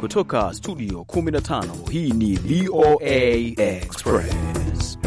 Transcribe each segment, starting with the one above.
Kutoka studio 15 hii ni VOA Express.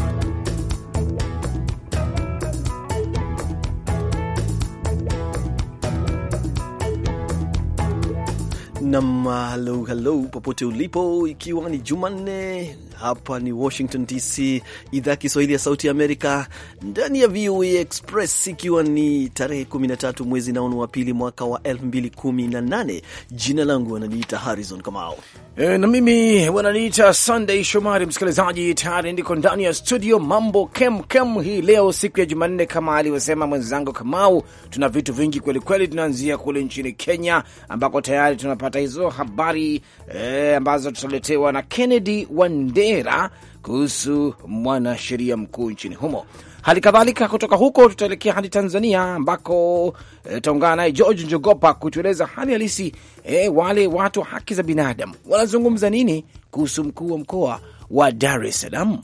Nam halo halo, popote ulipo, ikiwa ni Jumanne hapa ni Washington DC, idhaa Kiswahili ya Sauti ya Amerika ndani ya VOA Express, ikiwa ni tarehe 13 mwezi naonu wa pili mwaka wa 2018. Jina langu wananiita Harrison Kamau e, na mimi wananiita Sunday Shomari. Msikilizaji, tayari ndiko ndani ya studio, mambo kem kem hii leo, siku ya Jumanne, kama alivyosema mwenzangu Kamau, tuna vitu vingi kwelikweli. Tunaanzia kule nchini Kenya ambako tayari tunapata hizo habari e, ambazo tutaletewa na Kennedy Wande Kera kuhusu mwanasheria mkuu nchini humo. Hali kadhalika kutoka huko tutaelekea hadi Tanzania ambako eh, tutaungana naye George Njogopa kutueleza hali halisi e, wale watu wa haki za binadamu wanazungumza nini kuhusu mkuu wa mkoa wa Dar es Salaam.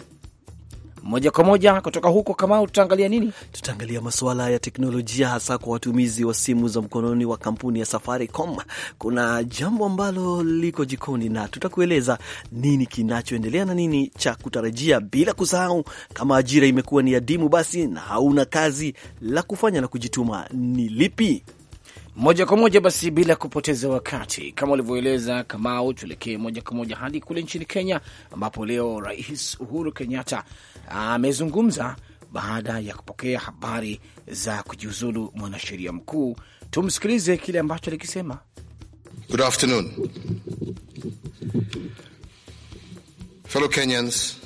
Moja kwa moja kutoka huko, kama tutaangalia nini? Tutaangalia masuala ya teknolojia, hasa kwa watumizi wa simu za mkononi wa kampuni ya Safaricom. Kuna jambo ambalo liko jikoni na tutakueleza nini kinachoendelea na nini cha kutarajia, bila kusahau kama ajira imekuwa ni adimu, basi na hauna kazi la kufanya na kujituma ni lipi? Moja kwa moja basi, bila kupoteza wakati, kama ulivyoeleza Kamau, tuelekee moja kwa moja hadi kule nchini Kenya, ambapo leo Rais Uhuru Kenyatta amezungumza baada ya kupokea habari za kujiuzulu mwanasheria mkuu. Tumsikilize kile ambacho alikisema. Good afternoon fellow Kenyans,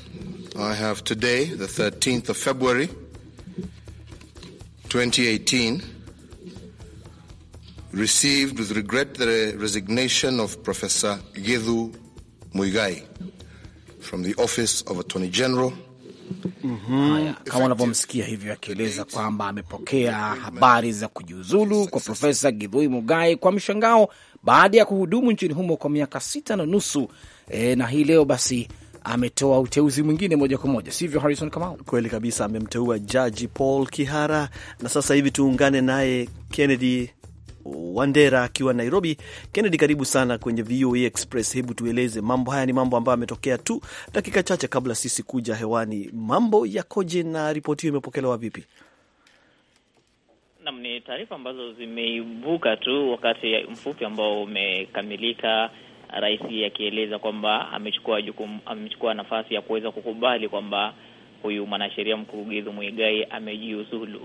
I have today the 13th of February 2018 received with regret the resignation of Professor Gedu Muigai from the office of Attorney General. Mm -hmm. Kama unavyomsikia hivyo akieleza kwamba amepokea habari za kujiuzulu kwa Profesa Githui Mugai kwa mshangao baada ya kuhudumu nchini humo kwa miaka sita na nusu. E, na hii leo basi ametoa uteuzi mwingine moja kwa moja, sivyo Harrison Kamau? Kweli kabisa, amemteua Jaji Paul Kihara, na sasa hivi tuungane naye Kennedy Wandera akiwa Nairobi. Kennedy, karibu sana kwenye VOA Express. Hebu tueleze mambo haya, ni mambo ambayo ametokea tu dakika chache kabla sisi kuja hewani. Mambo yakoje na ripoti hiyo imepokelewa vipi? Naam, ni taarifa ambazo zimeibuka tu wakati mfupi ambao umekamilika, rais akieleza kwamba amechukua jukumu, amechukua nafasi ya kuweza kukubali kwamba huyu mwanasheria mkuu mwigai amejiuzulu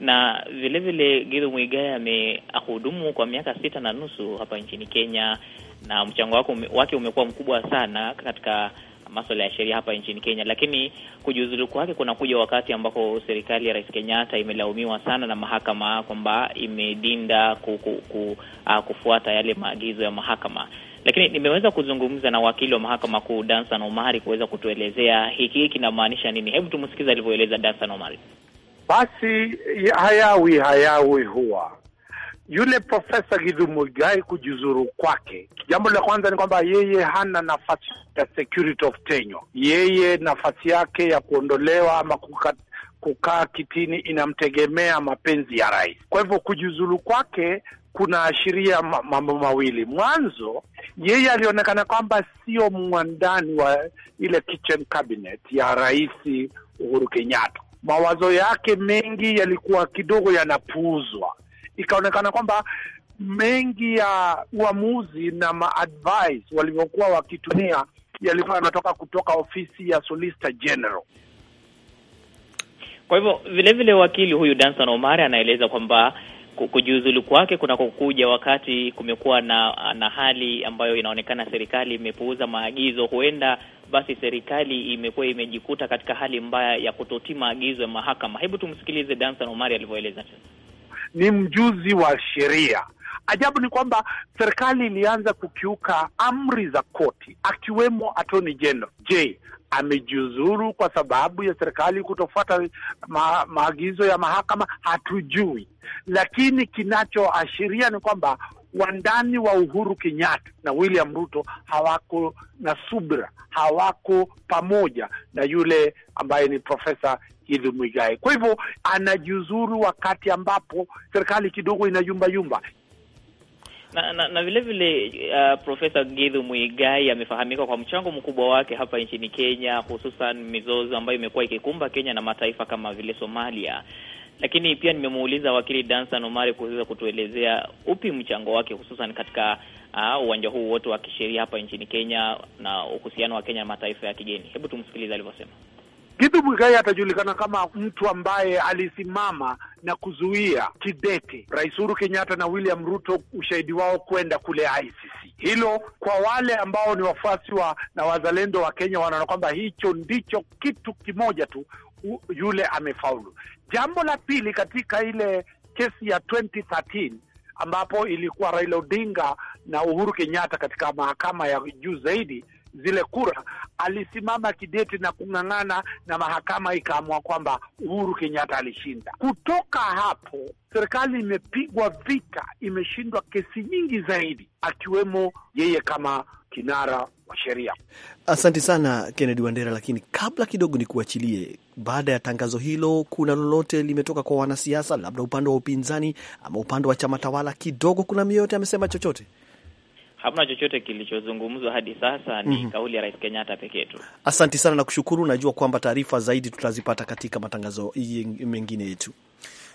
na vile vile Githu Muigai ameahudumu kwa miaka sita na nusu hapa nchini Kenya, na mchango wake wake umekuwa mkubwa sana katika masuala ya sheria hapa nchini Kenya, lakini kujiuzulu kwake kunakuja wakati ambako serikali ya Rais Kenyatta imelaumiwa sana na mahakama kwamba imedinda ku, ku, ku, uh, kufuata yale maagizo ya mahakama. Lakini nimeweza kuzungumza na wakili wa mahakama kuu Dansan Omari kuweza kutuelezea hiki kinamaanisha nini. Hebu tumsikize alivyoeleza Dansan Omari basi hayawi hayawi huwa yule Profesa Githu Muigai kujuzuru kwake, jambo la kwanza ni kwamba yeye hana nafasi ya security of tenure. Yeye nafasi yake ya kuondolewa ama kukat, kukaa kitini inamtegemea mapenzi ya rais. Kwa hivyo kujuzuru kwake kunaashiria mambo mawili. Mwanzo, yeye alionekana kwamba sio mwandani wa ile kitchen cabinet ya Rais Uhuru Kenyatta mawazo yake mengi yalikuwa kidogo yanapuuzwa, ikaonekana kwamba mengi ya uamuzi na maadvice walivyokuwa wakitumia yalikuwa yanatoka kutoka ofisi ya Solicitor General. Kwa hivyo vilevile wakili huyu Danson Omari anaeleza kwamba kujiuzulu kwake kunakokuja wakati kumekuwa na, na hali ambayo inaonekana serikali imepuuza maagizo, huenda basi serikali imekuwa imejikuta katika hali mbaya ya kutotii maagizo ya mahakama. Hebu tumsikilize Dansan Omari alivyoeleza. Ni mjuzi wa sheria. Ajabu ni kwamba serikali ilianza kukiuka amri za koti, akiwemo atoni jeno. Je, amejiuzuru kwa sababu ya serikali kutofuata ma, maagizo ya mahakama hatujui, lakini kinachoashiria ni kwamba wandani wa Uhuru Kenyatta na William Ruto hawako na subira, hawako pamoja na yule ambaye ni Profesa Githu Muigai. Kwa hivyo anajiuzuru wakati ambapo serikali kidogo inayumbayumba na, na, na vile vile uh, Profesa Githu Muigai amefahamika kwa mchango mkubwa wake hapa nchini Kenya, hususan mizozo ambayo imekuwa ikikumba Kenya na mataifa kama vile Somalia. Lakini pia nimemuuliza wakili Dansan Omari kuweza kutuelezea upi mchango wake hususan katika uh, uwanja uh, huu wote wa kisheria hapa nchini Kenya na uhusiano wa Kenya na mataifa ya kigeni. Hebu tumsikilize alivyosema. Githu Muigai atajulikana kama mtu ambaye alisimama na kuzuia kidete Rais Uhuru Kenyatta na William Ruto ushahidi wao kwenda kule ICC. Hilo kwa wale ambao ni wafuasi wa na wazalendo wa Kenya wanaona kwamba hicho ndicho kitu kimoja tu u, yule amefaulu. Jambo la pili katika ile kesi ya 2013 ambapo ilikuwa Raila Odinga na Uhuru Kenyatta katika mahakama ya juu zaidi zile kura, alisimama kidete na kung'ang'ana, na mahakama ikaamua kwamba Uhuru Kenyatta alishinda. Kutoka hapo serikali imepigwa vita, imeshindwa kesi nyingi zaidi, akiwemo yeye kama kinara wa sheria. Asante sana Kennedy Wandera, lakini kabla kidogo ni kuachilie. Baada ya tangazo hilo, kuna lolote limetoka kwa wanasiasa, labda upande wa upinzani ama upande wa chama tawala? Kidogo kuna mioyote amesema chochote? Hamna chochote kilichozungumzwa hadi sasa, ni mm -hmm. kauli ya Rais Kenyatta pekee tu. Asanti sana na kushukuru. Najua kwamba taarifa zaidi tutazipata katika matangazo mengine yetu.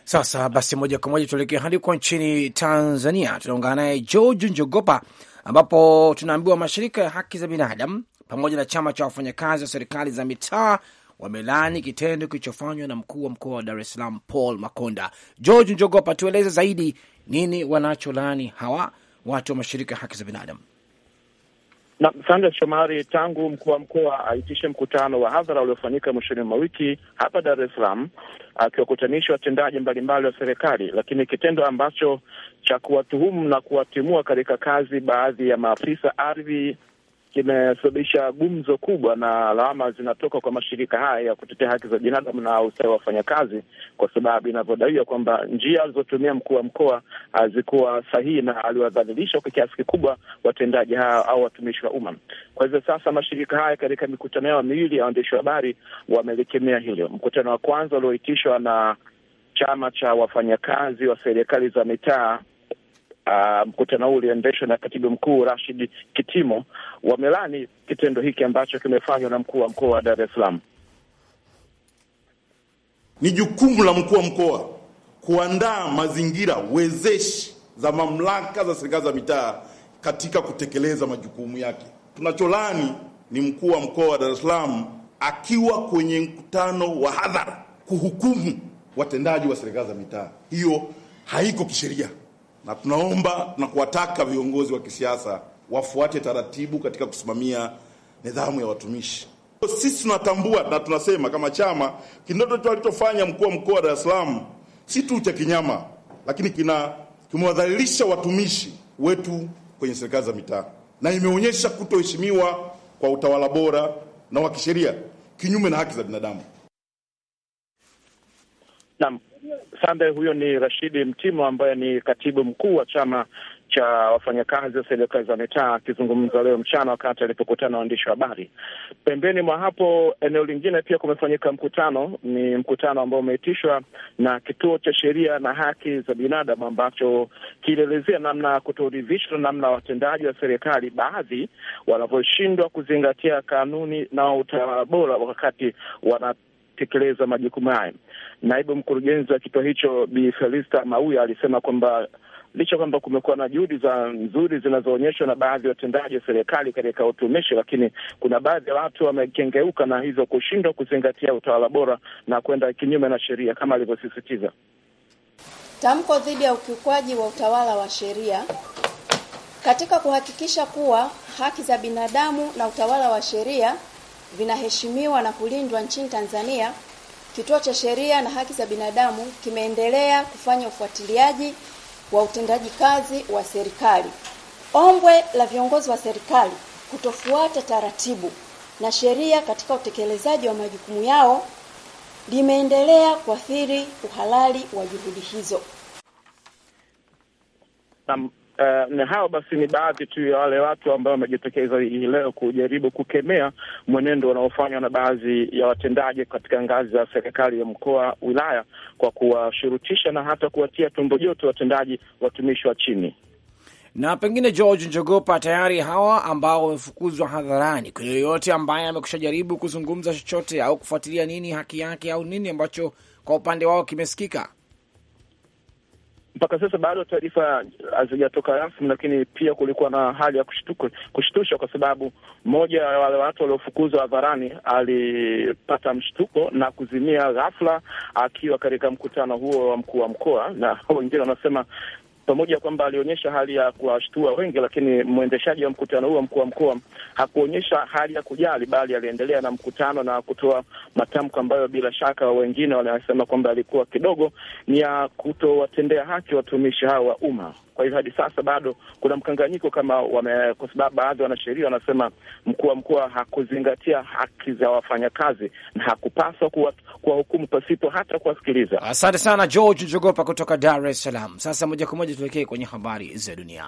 Sasa basi, moja kwa moja tuelekea hadi kwa nchini Tanzania, tunaungana naye George Njogopa, ambapo tunaambiwa mashirika ya haki za binadamu pamoja na chama cha wafanyakazi wa serikali za mitaa wamelaani kitendo kilichofanywa na mkuu wa mkoa wa Dar es Salaam Paul Makonda. George Njogopa, tueleze zaidi nini wanacholaani hawa watu wa mashirika ya haki za binadamu. Na Sande Shomari, tangu mkuu wa mkoa aitishe mkutano wa hadhara uliofanyika mwishoni mwa wiki hapa Dar es Salaam, akiwakutanisha watendaji mbalimbali wa serikali, lakini kitendo ambacho cha kuwatuhumu na kuwatimua katika kazi baadhi ya maafisa ardhi kimesababisha gumzo kubwa, na lawama zinatoka kwa mashirika haya ya kutetea haki za binadamu na ustawi wa wafanyakazi, kwa sababu inavyodaiwa kwamba njia alizotumia mkuu wa mkoa ah, hazikuwa sahihi na aliwadhalilisha kwa kiasi kikubwa watendaji hawa au watumishi wa umma. Kwa hivyo sasa mashirika haya katika mikutano yao miwili ya waandishi wa habari wamelikemea hilo. Mkutano wa kwanza ulioitishwa na chama cha wafanyakazi wa serikali za mitaa Uh, mkutano huu uliendeshwa na katibu mkuu Rashid Kitimo, wamelani kitendo hiki ambacho kimefanywa na mkuu wa mkoa wa Dar es Salaam. Ni jukumu la mkuu wa mkoa kuandaa mazingira wezeshi za mamlaka za serikali za mitaa katika kutekeleza majukumu yake. Tunacholani ni mkuu wa mkoa wa Dar es Salaam akiwa kwenye mkutano wa hadhara kuhukumu watendaji wa serikali za mitaa. Hiyo haiko kisheria na tunaomba na kuwataka viongozi wa kisiasa wafuate taratibu katika kusimamia nidhamu ya watumishi. Sisi tunatambua na tunasema kama chama, kindoto alichofanya mkuu wa mkoa wa Dar es Salaam si tu cha kinyama, lakini kina kimewadhalilisha watumishi wetu kwenye serikali za mitaa na imeonyesha kutoheshimiwa kwa utawala bora na wa kisheria kinyume na haki za binadamu. Naam. Sande, huyo ni Rashidi Mtimo ambaye ni katibu mkuu wa chama cha wafanyakazi wa serikali za mitaa akizungumza leo mchana wakati alipokutana waandishi wa habari. Pembeni mwa hapo, eneo lingine pia kumefanyika mkutano, ni mkutano ambao umeitishwa na kituo cha sheria na haki za binadamu ambacho kilielezea namna ya kutoridhishwa na namna watendaji wa serikali baadhi wanavyoshindwa kuzingatia kanuni na utawala bora wakati wana kutekeleza majukumu hayo. Naibu mkurugenzi wa kituo hicho Bi Felista Mauya alisema kwamba licha kwamba kumekuwa na juhudi za nzuri zinazoonyeshwa na baadhi ya watendaji wa serikali katika utumishi, lakini kuna baadhi ya watu wamekengeuka na hizo kushindwa kuzingatia utawala bora na kwenda kinyume na sheria, kama alivyosisitiza tamko dhidi ya ukiukwaji wa utawala wa sheria katika kuhakikisha kuwa haki za binadamu na utawala wa sheria vinaheshimiwa na kulindwa nchini Tanzania, Kituo cha Sheria na Haki za Binadamu kimeendelea kufanya ufuatiliaji wa utendaji kazi wa serikali. Ombwe la viongozi wa serikali kutofuata taratibu na sheria katika utekelezaji wa majukumu yao limeendelea kuathiri uhalali wa juhudi hizo. Uh, na hao basi ni baadhi tu ya wale watu ambao wamejitokeza hii leo kujaribu kukemea mwenendo unaofanywa na baadhi ya watendaji katika ngazi za serikali ya mkoa, wilaya, kwa kuwashurutisha na hata kuwatia tumbo joto watendaji watumishi wa chini na pengine George Njogopa, tayari hawa ambao wamefukuzwa hadharani, kwa yoyote ambaye amekusha jaribu kuzungumza chochote au kufuatilia nini haki yake au nini ambacho kwa upande wao kimesikika, mpaka sasa bado taarifa hazijatoka rasmi, lakini pia kulikuwa na hali ya kushtusha, kwa sababu mmoja ya wale watu waliofukuzwa hadharani alipata mshtuko na kuzimia ghafla akiwa katika mkutano huo wa mkuu wa mkoa, na wengine wanasema pamoja kwamba alionyesha hali ya kuwashtua wengi, lakini mwendeshaji wa mkutano huo, mkuu wa mkoa, hakuonyesha hali ya kujali, bali aliendelea na mkutano na kutoa matamko ambayo bila shaka wengine wanasema kwamba alikuwa kidogo ni ya kutowatendea haki watumishi hao wa umma. Kwa hivyo hadi sasa bado kuna mkanganyiko kama wame, kwa sababu baadhi wanasheria wanasema mkuu wa mkoa hakuzingatia haki za wafanyakazi na hakupaswa kuwahukumu pasipo hata kuwasikiliza. Asante sana George Jogopa kutoka Dar es Salaam. Sasa moja kwa moja tuelekee kwenye habari za dunia.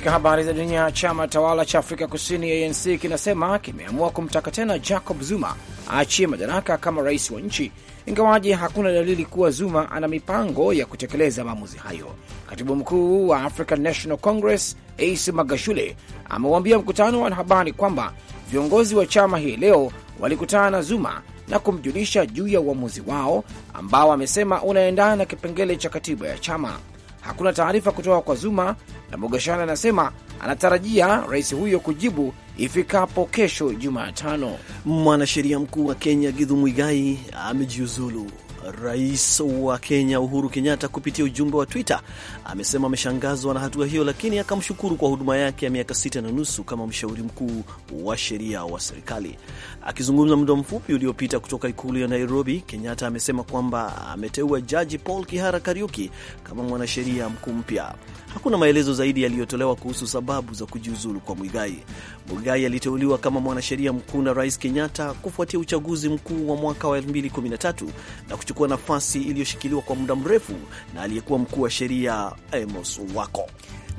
Katika habari za dunia, chama tawala cha Afrika Kusini ANC kinasema kimeamua kumtaka tena Jacob Zuma aachie madaraka kama rais wa nchi, ingawaje hakuna dalili kuwa Zuma ana mipango ya kutekeleza maamuzi hayo. Katibu mkuu wa African National Congress Ace Magashule amewambia mkutano wa wanahabari kwamba viongozi wa chama hii leo walikutana na Zuma na kumjulisha juu ya uamuzi wao ambao amesema unaendana na kipengele cha katiba ya chama hakuna taarifa kutoka kwa Zuma, na Mogashana anasema anatarajia rais huyo kujibu ifikapo kesho Jumatano. Mwanasheria mkuu wa Kenya Githu Mwigai amejiuzulu Rais wa Kenya Uhuru Kenyatta kupitia ujumbe wa Twitter amesema ameshangazwa na hatua hiyo, lakini akamshukuru kwa huduma yake ya miaka sita na nusu kama mshauri mkuu wa sheria wa serikali. Akizungumza muda mfupi uliopita kutoka ikulu ya Nairobi, Kenyatta amesema kwamba ameteua Jaji Paul Kihara Kariuki kama mwanasheria mkuu mpya. Hakuna maelezo zaidi yaliyotolewa kuhusu sababu za kujiuzulu kwa Mwigai. Mwigai aliteuliwa kama mwanasheria mkuu na Rais Kenyatta kufuatia uchaguzi mkuu wa mwaka wa 2013 na kuchukua nafasi iliyoshikiliwa kwa muda mrefu na aliyekuwa mkuu wa sheria Amos Wako.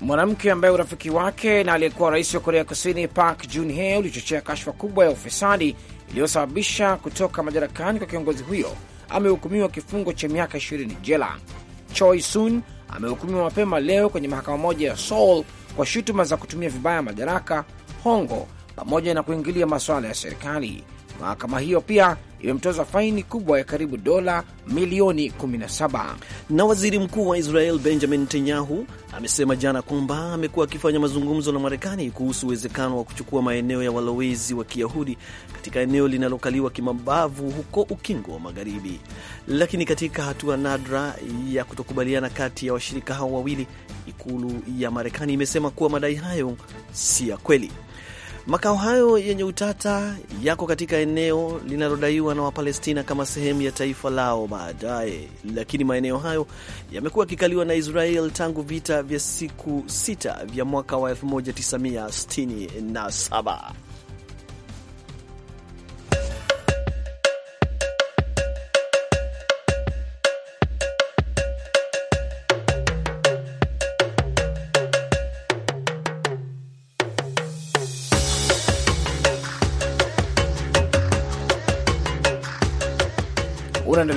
Mwanamke ambaye urafiki wake na aliyekuwa rais wa Korea Kusini Park Geun-hye ulichochea kashfa kubwa ya ufisadi iliyosababisha kutoka madarakani kwa kiongozi huyo amehukumiwa kifungo cha miaka 20 jela. Choi Soon amehukumiwa mapema leo kwenye mahakama moja ya Seoul kwa shutuma za kutumia vibaya madaraka, hongo, pamoja na kuingilia masuala ya serikali. Mahakama hiyo pia imemtoza faini kubwa ya karibu dola milioni 17. Na waziri mkuu wa Israel Benjamin Netanyahu amesema jana kwamba amekuwa akifanya mazungumzo na Marekani kuhusu uwezekano wa kuchukua maeneo ya walowezi wa Kiyahudi katika eneo linalokaliwa kimabavu huko Ukingo wa Magharibi, lakini katika hatua nadra ya kutokubaliana kati ya washirika hao wawili, ikulu ya Marekani imesema kuwa madai hayo si ya kweli. Makao hayo yenye utata yako katika eneo linalodaiwa na Wapalestina kama sehemu ya taifa lao baadaye, lakini maeneo hayo yamekuwa yakikaliwa na Israel tangu vita vya siku sita vya mwaka wa 1967.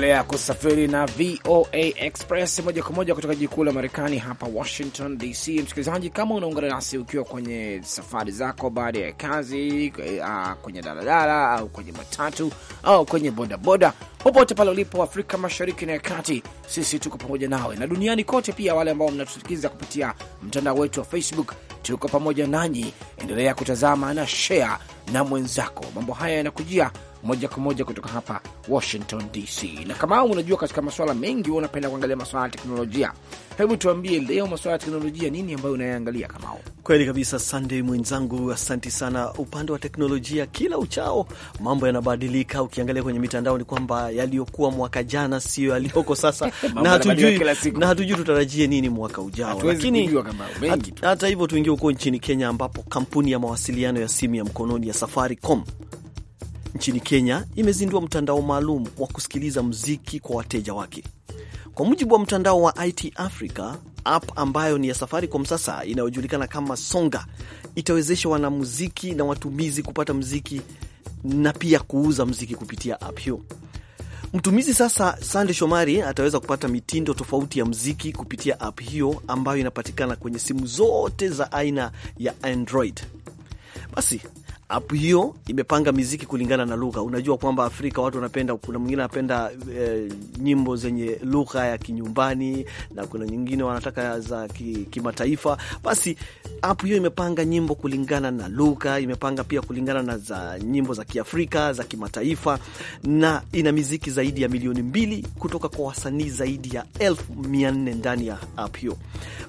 Unaendelea kusafiri na VOA Express moja kwa moja kutoka jiji kuu la Marekani hapa Washington DC. Msikilizaji, kama unaungana nasi ukiwa kwenye safari zako baada ya kazi, eh, ah, kwenye daladala au kwenye matatu au kwenye bodaboda, popote pale ulipo Afrika Mashariki na ya Kati, sisi tuko pamoja nawe, na duniani kote pia, wale ambao mnatusikiliza kupitia mtandao wetu wa Facebook, tuko pamoja nanyi. Endelea kutazama na share na mwenzako, mambo haya yanakujia moja kwa moja kutoka hapa Washington DC. Na kama unajua, katika maswala mengi huwa unapenda kuangalia maswala ya teknolojia. Hebu tuambie leo, maswala ya teknolojia nini ambayo unayaangalia? Kama kweli kabisa, Sandey mwenzangu, asanti sana. Upande wa teknolojia, kila uchao mambo yanabadilika. Ukiangalia kwenye mitandao ni kwamba yaliyokuwa mwaka jana sio yaliyoko sasa na hatujui na hatujui tutarajie nini mwaka ujao, lakini hata hivyo tuingie huko nchini Kenya ambapo kampuni ya mawasiliano ya simu ya mkononi ya Safaricom nchini Kenya imezindua mtandao maalum wa kusikiliza mziki kwa wateja wake. Kwa mujibu wa mtandao wa IT Africa, app ambayo ni ya Safaricom sasa inayojulikana kama Songa itawezesha wanamuziki na watumizi kupata mziki na pia kuuza mziki kupitia app hiyo. Mtumizi sasa, Sande Shomari, ataweza kupata mitindo tofauti ya mziki kupitia app hiyo ambayo inapatikana kwenye simu zote za aina ya Android. Basi app hiyo imepanga miziki kulingana na lugha. Unajua kwamba Afrika watu wanapenda, kuna mwingine anapenda e, nyimbo zenye lugha ya kinyumbani na kuna nyingine wanataka za kimataifa ki basi, app hiyo imepanga nyimbo kulingana na lugha, imepanga pia kulingana na za nyimbo za Kiafrika za kimataifa, na ina miziki zaidi ya milioni mbili kutoka kwa wasanii zaidi ya elfu mia nne ndani ya app hiyo.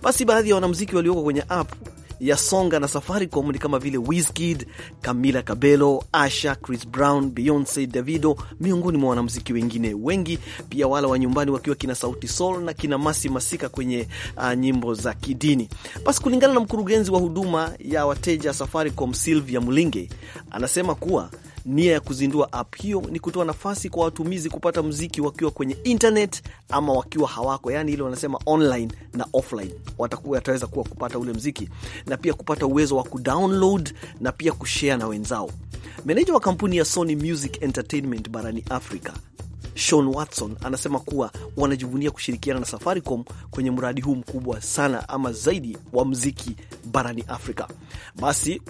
Basi baadhi ya wanamziki walioko kwenye app ya songa na Safaricom ni kama vile Wizkid, Camila Cabello, Asha, Chris Brown, Beyonce, Davido miongoni mwa wanamuziki wengine wengi, pia wale wa nyumbani wakiwa kina Sauti Sol na kina Masi Masika kwenye uh, nyimbo za kidini. Basi kulingana na mkurugenzi wa huduma ya wateja Safaricom sylvia Mulinge anasema kuwa Nia ya kuzindua app hiyo ni kutoa nafasi kwa watumizi kupata mziki wakiwa kwenye internet ama wakiwa hawako, yani ile wanasema online na offline, watakuwa wataweza kuwa kupata ule mziki na pia kupata uwezo wa kudownload na pia kushare na wenzao. Meneja wa kampuni ya Sony Music Entertainment barani Afrika Sean Watson anasema kuwa wanajivunia kushirikiana na Safaricom kwenye mradi huu mkubwa sana ama zaidi wa mziki barani Afrika. Basi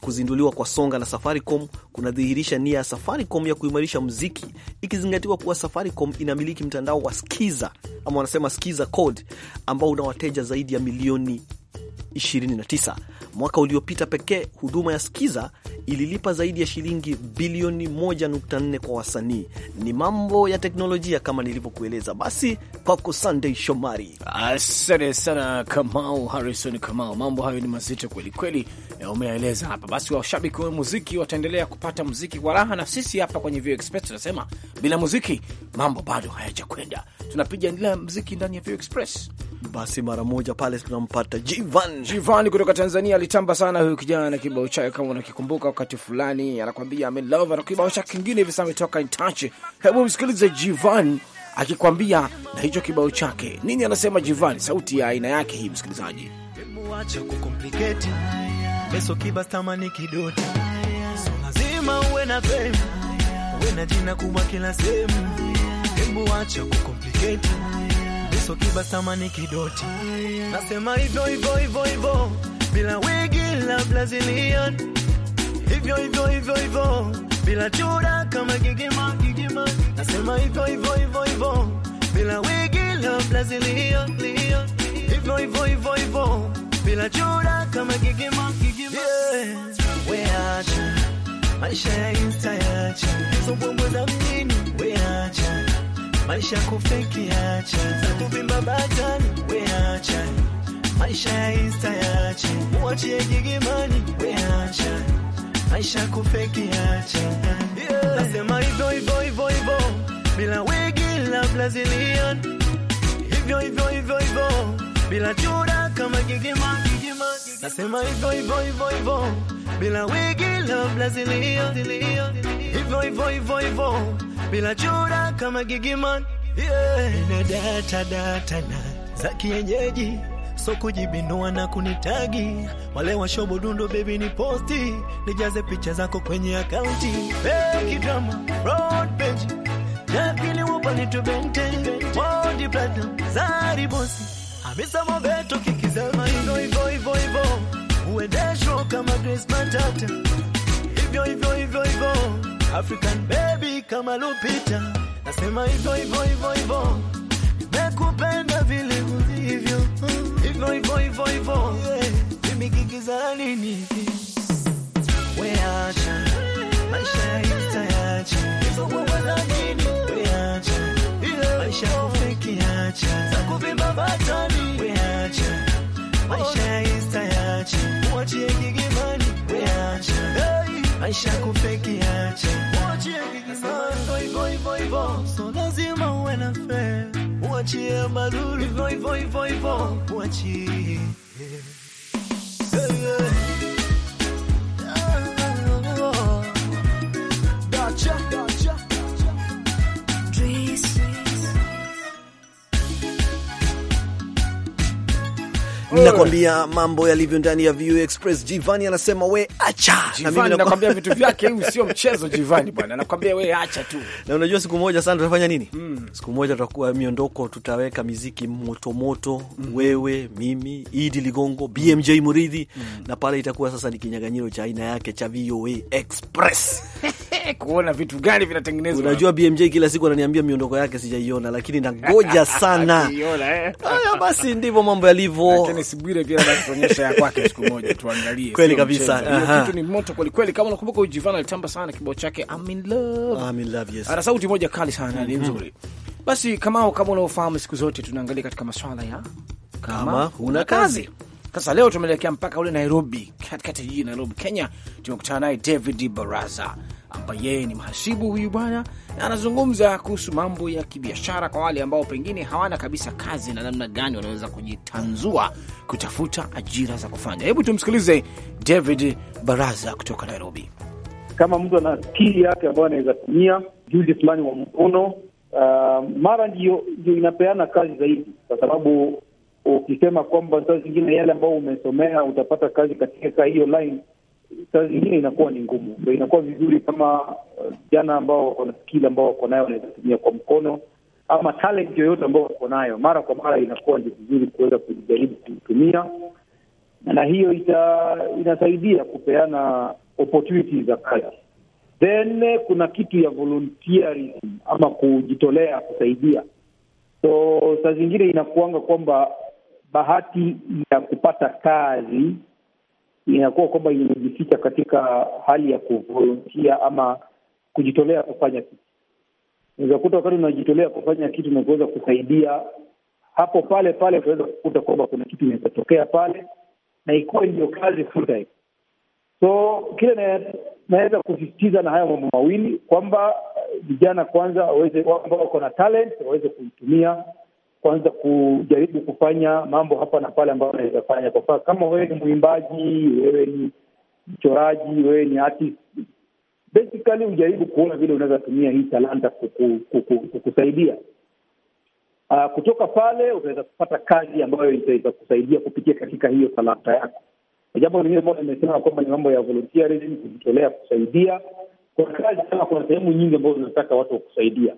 kuzinduliwa kwa Songa na Safaricom kunadhihirisha nia ya Safaricom ya kuimarisha mziki, ikizingatiwa kuwa Safaricom inamiliki mtandao wa Skiza ama wanasema Skiza Code ambao una wateja zaidi ya milioni 29 mwaka uliopita pekee, huduma ya Skiza ililipa zaidi ya shilingi bilioni 1.4 kwa wasanii. Ni mambo ya teknolojia kama nilivyokueleza. Basi kwako Sunday Shomari. Asante sana Kamau Harrison Kamau, mambo hayo ni mazito kwelikweli, eh, umeeleza hapa. Basi washabiki wa muziki wataendelea kupata muziki kwa raha, na sisi hapa kwenye Vio Express tunasema bila muziki mambo bado hayajakwenda, tunapiga ndila muziki ndani ya Vio Express. Basi mara moja pale tunampata Jivan. Jivan kutoka Tanzania alitamba sana huyu kijana na kibao chake, kama unakikumbuka, wakati fulani anakwambia I'm in love, na kibao chake kingine hivi sasa ametoka in touch. Hebu msikilize Jivan akikwambia na hicho kibao chake nini. Anasema Jivan, sauti ya aina yake hii, msikilizaji kiso kiba samani kidoti, nasema hivyo hivyo hivyo hivyo bila wigi la Brazilian, hivyo hivyo hivyo hivyo bila chura kama gigima gigima, nasema hivyo hivyo hivyo hivyo bila wigi la Brazilian, hivyo hivyo hivyo hivyo bila chura kama gigima gigima, yeah. Weacha maisha ya insta, yacha hizo bongo za mjini, weacha maisha kufeki, acha zatuvimba batani, we acha maisha ya insta, yache uachie jigimani, we acha maisha kufeki, acha nasema hivyo hivyo hivyo hivyo bila wigi la Brazilian, hivyo hivyo hivyo hivyo bila chura kama gigimani, nasema hivyo hivyo hivyo hivyo bila wigi la Brazilian, hivyo hivyo hivyo hivyo bila jura kama gigiman yeah. Ina data data na za kienyeji so kujibindua na kunitagi wale shobo dundo baby, ni posti nijaze picha zako kwenye akaunti fake drama road page nakili tu bente wadi platinum zari bosi amisamo vetu kikizema hivyo hivyo hivyo hivyo uendeshwa kama Grace Matata hivyo hivyo hivyo hivyo African baby kama Lupita, nasema hivyo hivyo hivyo hivyo, nimekupenda vile ulivyo, hivyo hivyo hivyo hivyo, mimi kigiza nini? We acha maisha yatayacha, hizo kwa nini? We acha maisha yofiki, acha zakuvimba batani, we acha maisha yatayacha, uachie kigimani, we acha maisha kupeke acha so lazima uwe na fe, uachie maruri voivoivoivo, uachie Nakwambia mambo yalivyo ndani ya VOA Express. Jivani anasema we acha, nakwambia vitu vyake, hii sio mchezo Jivani bwana, nakwambia we acha tu. Na unajua siku moja sana tutafanya nini? Mm. Siku moja tutakuwa miondoko, tutaweka miziki motomoto mm. Mm-hmm. Wewe, mimi, Idi Ligongo, BMJ mm-hmm. Muridhi mm. Mm-hmm. na pale itakuwa sasa ni kinyaganyiro cha aina yake cha VOA Express kuona vitu gani vinatengenezwa. Unajua BMJ kila siku ananiambia miondoko yake sijaiona, lakini nangoja sana. Eh. Haya eh. basi, ndivyo mambo yalivyo. Kenneth Bwire pia anatuonyesha ya kwake siku moja tuangalie. Kweli kabisa. kitu ni moto kweli kweli, kama unakumbuka huyu Jivana alitamba sana kibao chake I'm in love. I'm in love, yes. Ana sauti moja kali sana, ni mhm. nzuri. Basi kama kama unaofahamu, siku zote tunaangalia katika masuala ya kama huna kazi. Sasa leo tumeelekea mpaka ule Nairobi, katikati jiji Nairobi, Kenya. Tumekutana naye David Baraza ambaye yeye ni mhasibu huyu bwana, na anazungumza kuhusu mambo ya kibiashara kwa wale ambao pengine hawana kabisa kazi na namna gani wanaweza kujitanzua kutafuta ajira za kufanya. Hebu tumsikilize David Baraza kutoka Nairobi. Kama mtu ana skili yake ambayo anaweza tumia juzi fulani wa mkono, uh, mara ndiyo inapeana kazi zaidi, kwa sababu ukisema kwamba saa zingine yale ambao umesomea utapata kazi katika hiyo line saa zingine inakuwa ni ngumu. So inakuwa vizuri kama uh, vijana uh, ambao wako na skili ambao wako nayo wanaweza tumia kwa mkono ama talent yoyote ambao wako nayo, mara kwa mara inakuwa ni vizuri kuweza kujaribu kuitumia, na hiyo ita, inasaidia kupeana opportunities za kazi. Then kuna kitu ya volunteerism ama kujitolea kusaidia. So saa zingine inakuanga kwamba bahati ya kupata kazi inakuwa kwamba imejificha katika hali ya kuvolontia ama kujitolea kufanya kitu. Unaweza wakati unajitolea kufanya kitu na kuweza kusaidia hapo pale pale, utaweza kukuta kwamba kuna kitu inawezatokea pale na ikuwe ndio kazi full time. So kile na, naweza kusisitiza na haya mambo mawili kwamba vijana kwanza waweze ambao wako na talent waweze kuitumia kwanza kujaribu kufanya mambo hapa na pale ambayo unaweza fanya kwa sababu, kama wewe ni mwimbaji, wewe ni mchoraji, wewe ni artist, basically ujaribu kuona vile unaweza tumia hii talanta kuku, kuku, kukusaidia. Uh, kutoka pale utaweza kupata kazi ambayo itaweza kusaidia kupitia katika hiyo talanta yako. Jambo lingine ambalo nimesema kwamba ni mambo ya volunteerism, kujitolea kusaidia. Kuna kazi kama kuna sehemu nyingi ambazo zinataka watu wakusaidia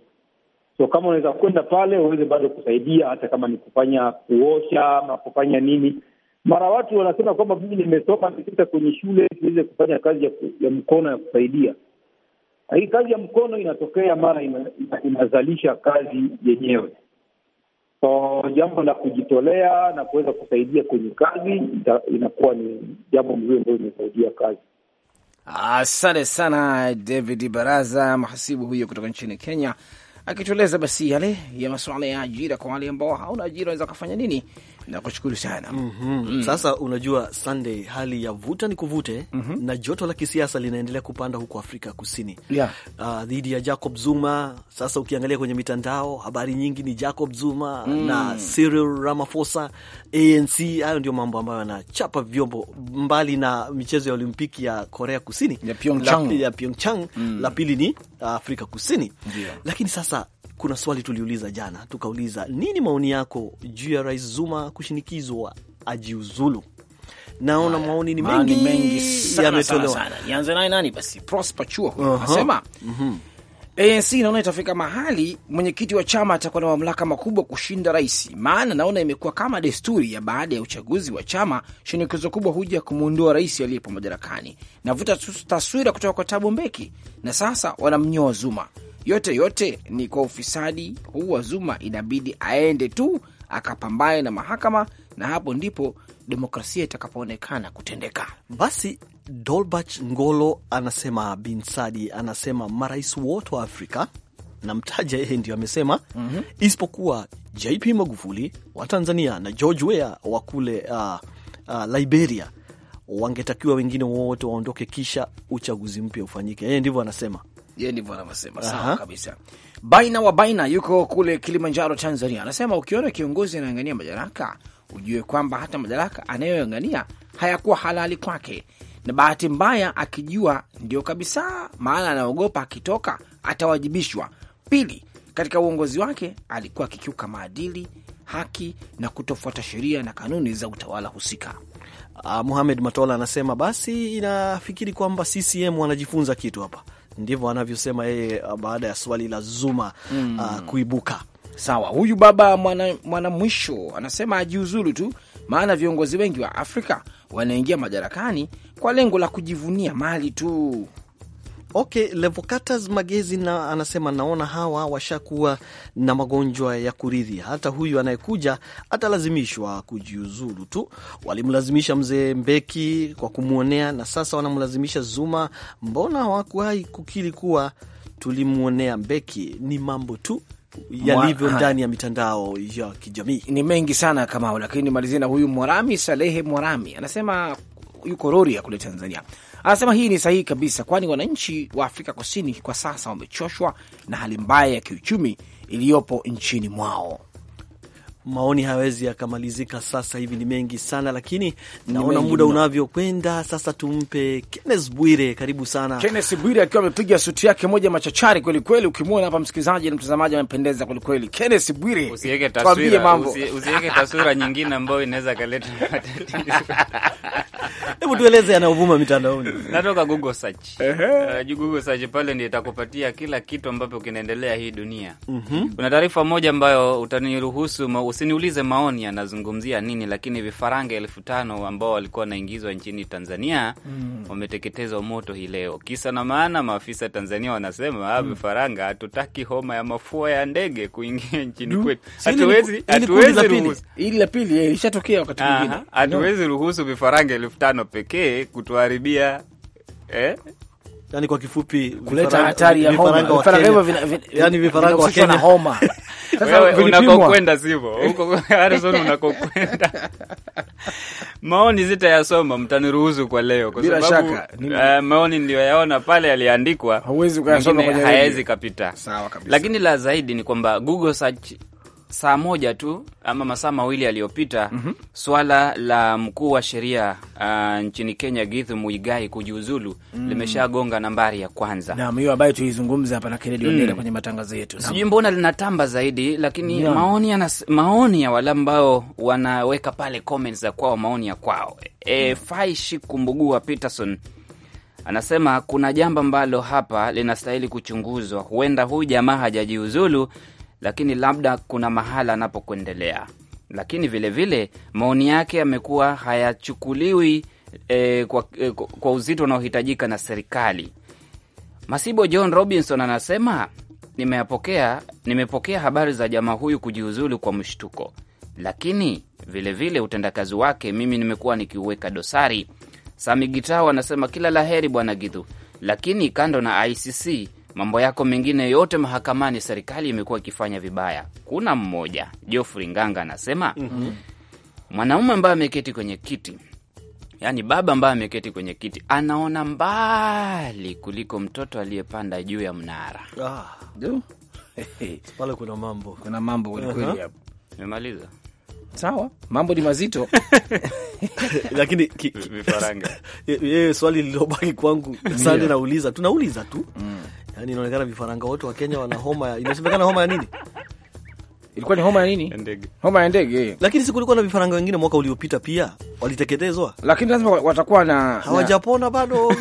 So kama unaweza kwenda pale uweze bado kusaidia, hata kama ni kufanya kuosha ama kufanya nini. Mara watu wanasema kwamba mimi nimesoma nikipita kwenye shule siweze kufanya kazi ya, ku, ya mkono ya kusaidia. Hii kazi ya mkono inatokea mara ina, inazalisha kazi yenyewe. So jambo la kujitolea na kuweza kusaidia kwenye kazi inakuwa ni jambo mzuri ambayo imesaidia kazi. Asante sana David Baraza, mhasibu huyo kutoka nchini Kenya akitueleza basi yale ya masuala ya ajira kwa wale ambao hauna ajira wanaweza kufanya nini Nakushukuru sana. mm -hmm. Mm. Sasa unajua Sunday, hali ya vuta ni kuvute mm -hmm. na joto la kisiasa linaendelea kupanda huko Afrika Kusini yeah. Uh, dhidi ya Jacob Zuma. Sasa ukiangalia kwenye mitandao, habari nyingi ni Jacob Zuma mm. na Cyril Ramaphosa, ANC. Hayo ndio mambo ambayo yanachapa vyombo, mbali na michezo ya Olimpiki ya Korea Kusini ya Pyeongchang, la, mm. la pili ni Afrika Kusini yeah. Lakini sasa kuna swali tuliuliza jana, tukauliza nini maoni yako juu ya Rais Zuma kushinikizwa ajiuzulu. Naona maoni ni mengi, mengi yametolewa. Nianze naye nani basi? Prosper Chuo anasema uh mhm. -huh. ANC naona itafika mahali mwenyekiti wa chama atakuwa na mamlaka makubwa kushinda rais, maana naona imekuwa kama desturi ya baada ya uchaguzi wa chama, shinikizo kubwa huja kumwondoa rais aliyepo madarakani. Navuta taswira kutoka kwa Tabu Mbeki na sasa wanamnyoa Zuma yote yote ni kwa ufisadi huu wa Zuma. Inabidi aende tu akapambane na mahakama, na hapo ndipo demokrasia itakapoonekana kutendeka. Basi Dolbach Ngolo anasema, Bin Sadi anasema marais wote wa Afrika namtaja yeye ndio amesema mm -hmm. isipokuwa JP Magufuli wa Tanzania na George Weah wa kule uh, uh, Liberia, wangetakiwa wengine wote waondoke, kisha uchaguzi mpya ufanyike. Yeye ndivyo anasema. Ye ndivyo anavyosema. Sawa kabisa. Baina wa Baina yuko kule Kilimanjaro, Tanzania, anasema ukiona kiongozi anaangania madaraka ujue kwamba hata madaraka anayoangania hayakuwa halali kwake, na bahati mbaya akijua ndio kabisa, maana anaogopa akitoka atawajibishwa. Pili, katika uongozi wake alikuwa akikiuka maadili, haki na kutofuata sheria na kanuni za utawala husika. Uh, ah, Muhamed Matola anasema basi inafikiri kwamba CCM wanajifunza kitu hapa ndivyo anavyosema yeye uh, baada ya swali la Zuma uh, mm. uh, kuibuka. Sawa, huyu baba mwana, mwana mwisho anasema ajiuzulu tu, maana viongozi wengi wa Afrika wanaingia madarakani kwa lengo la kujivunia mali tu. Okay, Levocatus Magezi na anasema naona hawa washakuwa na magonjwa ya kuridhi, hata huyu anayekuja atalazimishwa kujiuzulu tu. Walimlazimisha mzee Mbeki kwa kumwonea, na sasa wanamlazimisha Zuma. Mbona hawakuwahi kukiri kuwa tulimwonea Mbeki? Ni mambo tu yalivyo ndani ya mitandao ya kijamii, ni mengi sana Kamao. Lakini nimalizie na huyu Mwarami Salehe Mwarami, anasema yuko roria kule Tanzania Anasema hii ni sahihi kabisa, kwani wananchi wa Afrika Kusini kwa sasa wamechoshwa na hali mbaya ya kiuchumi iliyopo nchini mwao maoni hawezi yakamalizika sasa hivi, ni mengi sana, lakini naona muda unavyokwenda sasa. Tumpe Kenneth Bwire, karibu sana Kenneth Bwire akiwa amepiga suti yake moja machachari kweli kweli. Ukimwona hapa msikilizaji na mtazamaji, amependeza kweli kweli. Kenneth Bwire, usiweke taswira, usiweke taswira nyingine ambayo inaweza kaleta matatizo. Hebu tueleze yanayovuma mitandaoni. Natoka Google search. Uh, Google search pale ndio itakupatia kila kitu ambapo kinaendelea hii dunia. Mm -hmm. Kuna taarifa moja ambayo utaniruhusu usiniulize maoni anazungumzia nini, lakini vifaranga elfu tano ambao walikuwa wanaingizwa nchini Tanzania mm. wameteketezwa moto hii leo. Kisa na maana, maafisa Tanzania wanasema ah, mm. vifaranga, hatutaki homa ya mafua ya ndege kuingia nchini kwetu, hatuwezi hatuwezi eh, ruhusu vifaranga elfu tano pekee kutuharibia eh? Yani kwa kifupi kuleta hatari ya homa, vifaranga wa yaani Kenya homa unakokwenda sivyo huko unakokwenda maoni zitayasoma, mtaniruhusu kwa leo, kwa sababu uh, maoni niliyoyaona pale yaliandikwa hayawezi kapita. Sawa kabisa, lakini la zaidi ni kwamba Google search saa moja tu ama masaa mawili yaliyopita mm -hmm. swala la mkuu wa sheria uh, nchini Kenya Githu Muigai kujiuzulu mm. -hmm. limeshagonga nambari ya kwanza, naam, hiyo ambayo tuizungumza hapa na Kennedy Wandera mm. kwenye matangazo yetu. Sijui mbona linatamba zaidi, lakini yeah. maoni ya maoni ya wale ambao wanaweka pale comments za kwao, maoni ya kwao e, mm. -hmm. Faishi Kumbugua Peterson anasema kuna jambo ambalo hapa linastahili kuchunguzwa. Huenda huyu jamaa hajajiuzulu lakini labda kuna mahala anapokuendelea, lakini vilevile maoni yake yamekuwa hayachukuliwi eh, kwa, eh, kwa uzito unaohitajika na serikali. Masibo John Robinson anasema nimeyapokea, nimepokea habari za jamaa huyu kujiuzulu kwa mshtuko, lakini vilevile utendakazi wake mimi nimekuwa nikiuweka dosari. Sami Gitao anasema kila la heri Bwana Gidhu, lakini kando na ICC Mambo yako mengine yote mahakamani, serikali imekuwa ikifanya vibaya. Kuna mmoja Geoffrey Nganga anasema mm -hmm. mwanaume ambaye ameketi kwenye kiti yaani baba ambaye ameketi kwenye kiti anaona mbali kuliko mtoto aliyepanda juu ya mnara. Ah, pale kuna mambo, kuna mambo kwelikweli uh -huh. Sawa, mambo ni mazito lakini vifaranga. Yeye swali lililobaki kwangu sana, nauliza tunauliza tu mm. Yani inaonekana vifaranga wote wa Kenya wana homa, ya, inasemekana homa ya nini? Ilikuwa ni homa ya nini? Ndege. Homa ya ndege. Eh. Lakini siku kulikuwa na vifaranga wengine mwaka uliopita pia waliteketezwa. Lakini lazima watakuwa na hawajapona bado.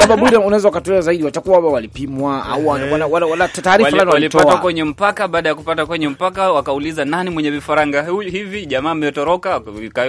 Sababu ile unaweza kutoa zaidi watakuwa wao walipimwa au wana eh. wana wana, wana taarifa fulani walipata kwenye mpaka, baada ya kupata kwenye mpaka wakauliza nani mwenye vifaranga hivi, jamaa mmetoroka,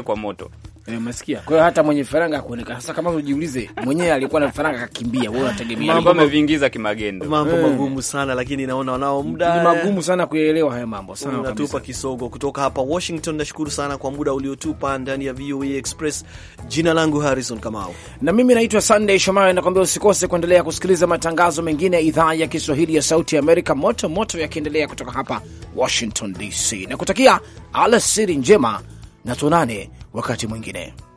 kwa moto. Eh, umesikia. Kwa hiyo hata mwenye vifaranga hakuonekana. Sasa kama ujiulize, mwenyewe alikuwa na vifaranga akakimbia, wewe unategemea mambo ameviingiza kimagendo, mambo eh. magumu sana, lakini naona wanao muda, ni eh. magumu sana kuyaelewa haya mambo sana. Unatupa kisogo kutoka hapa Washington. Nashukuru sana kwa muda uliotupa ndani ya VOA e Express. Jina langu Harrison Kamau, na mimi naitwa Sunday Shomari, nakwambia usikose kuendelea kusikiliza matangazo mengine ya idhaa ya Kiswahili ya Sauti ya Amerika, moto moto yakiendelea kutoka hapa Washington DC, na alasiri njema na tuonane wakati mwingine.